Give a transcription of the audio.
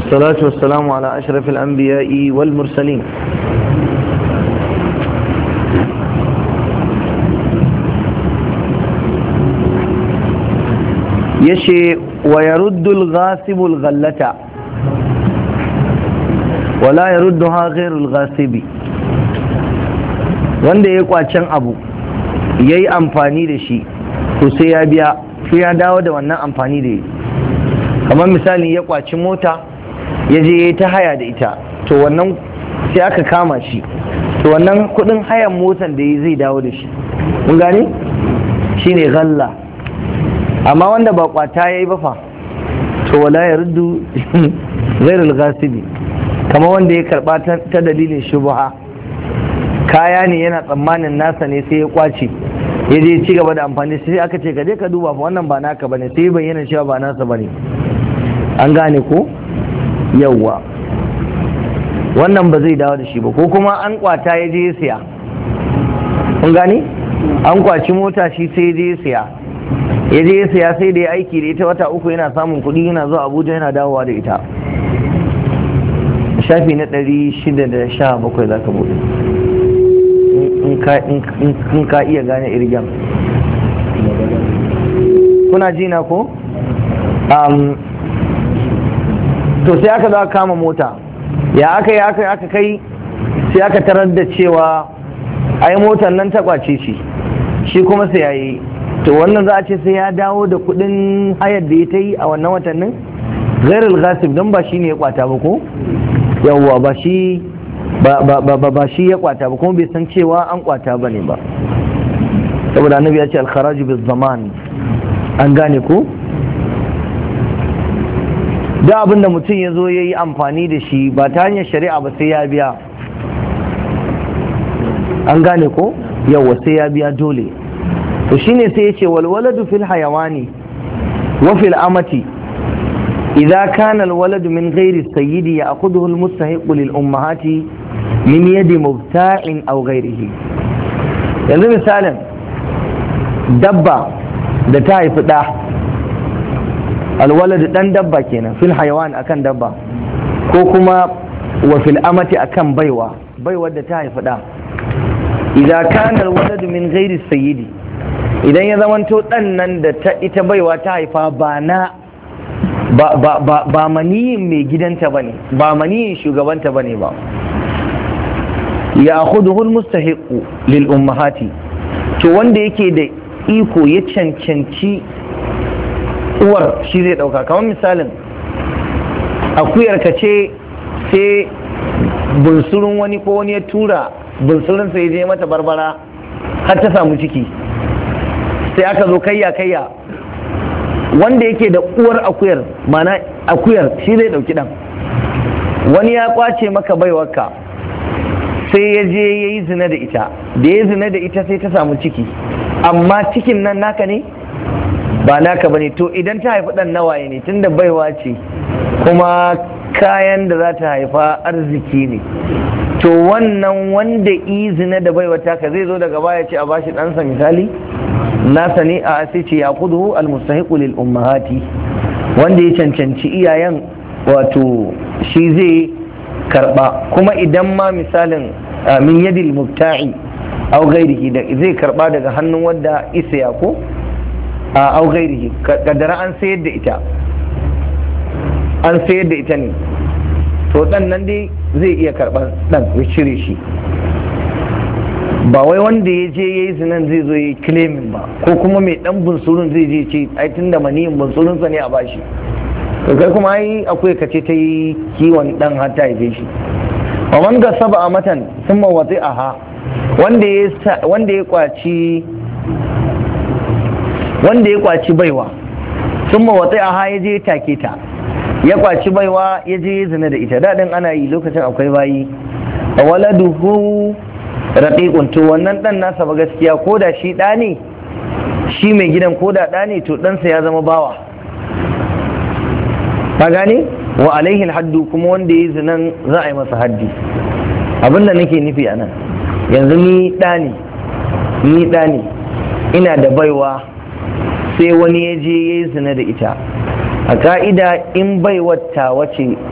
والصلاة والسلام على أشرف الأنبياء والمرسلين يشي ويرد الغاسب الغلة ولا يردها غير الغاسب wanda ya kwacen abu ya yi amfani da shi to sai ya biya sai ya dawo da wannan amfani da kamar misali ya kwaci mota ya je ta haya da ita to wannan sai aka kama shi to wannan kudin hayan motar da ya zai dawo da shi mun gane shine galla amma wanda ba kwata yayi ba fa to wala ya ruddu zairul ghasibi kama wanda ya karba ta dalilin shubha kaya ne yana tsammanin nasa ne sai ya kwace ya je ci gaba da amfani sai aka ce ka je ka duba fa wannan ba naka bane sai bayyana cewa ba nasa bane an gane ko yauwa wannan ba zai dawo da shi ba ko kuma an kwata ya je siya kun gani an kwaci mota shi sai ya je siya ya je siya sai da ya aiki da ita wata uku yana samun kuɗi yana zuwa abuja yana dawowa da ita shafi na 617 za ka bude in ka iya gane irgen kuna jina ko um, to sai aka za kama mota ya aka yi aka aka kai sai aka tarar da cewa ai motar nan ta kwace shi shi kuma sai yayi to wannan za a ce sai ya dawo da kudin hayar da ya ta yi a wannan watannin gairar gasif don ba shi ne ya kwata ba ko yawwa ba shi ba shi ya kwata ba kuma bai san cewa an kwata ba ne ba saboda annabi ya ce alkharaju bil zaman an gane ko da abinda mutum ya zo ya yi amfani da shi ba ta hanyar shari'a ba sai ya biya an gane ko yawa sai ya biya dole to shine sai ya ce walwaladu fil hayawani wa fil amati idza kana alwalad min ghairi sayyidi ya'khudhu almustahiqu lil ummahati min yadi mubta'in aw ghairihi yanzu misalin dabba da ta haifi ɗa alwalad dan dabba kenan fil hayawan akan dabba ko kuma wa fil amati akan baiwa baiwar da ta haifi da idza kana alwalad min ghairi sayyidi idan ya zamanto dan nan da ta ita baiwa ta haifa ba na ba ba ba, ba maniyin mai gidanta bane ba maniyin shugabanta bane ba ya khuduhu almustahiqu lil ummahati to wanda yake da iko ya cancanci uwar shi zai ɗauka kamar misalin akuyar ka ce sai bunsurun wani ko wani ya tura bunsurun sai je mata barbara har ta samu ciki sai aka zo kayya kayya wanda yake da uwar akuyar mana akuyar shi zai ɗauki dan. wani ya kwace maka baiwarka sai ya je ya yi zina da ita da ya zina da ita sai ta samu ciki amma cikin nan naka ne ba naka bane to idan ta haifi dan nawaye ne tunda baiwa ce kuma kayan da za ta haifa arziki ne to wannan wanda izina da baiwa taka zai zo daga baya ce a bashi ɗansa misali nasa ne a sai ce kudu almustahiqu lil ummahati wanda ya cancanci iyayen wato shi zai karba kuma idan ma misalin ah, min yadil mubta'i au gairihi zai karba daga hannun wanda isa ko a au gairihi kaddara an sayar da ita an sayar da ita ne to dan nan dai zai iya karban dan ya cire shi ba wai wanda ya je ya yi zinan zai zo ya yi claiming ba ko kuma mai dan bunsurun zai je ce ai tunda maniyin sa ne a bashi to kai kuma ai akwai kace ta yi kiwon dan har ta haife shi wa man gasaba matan thumma wati'aha wanda ya wanda ya kwaci wanda ya kwaci baiwa sun mawatsai a ha ya je take ta ya kwaci baiwa ya je zina da ita daɗin ana yi lokacin akwai bayi a waladuhu raqiqun to wannan ɗan nasa ba gaskiya ko da shi ɗa ne shi mai gidan ko da ɗa ne to ɗansa ya zama bawa ka gane wa alaihin haddu kuma wanda ya zinan za a yi masa haddi abinda nake nufi a nan yanzu ni ɗa ne ni ɗa ne ina da baiwa sai wani ya je ya yi zina da ita a ka'ida in bai wata wace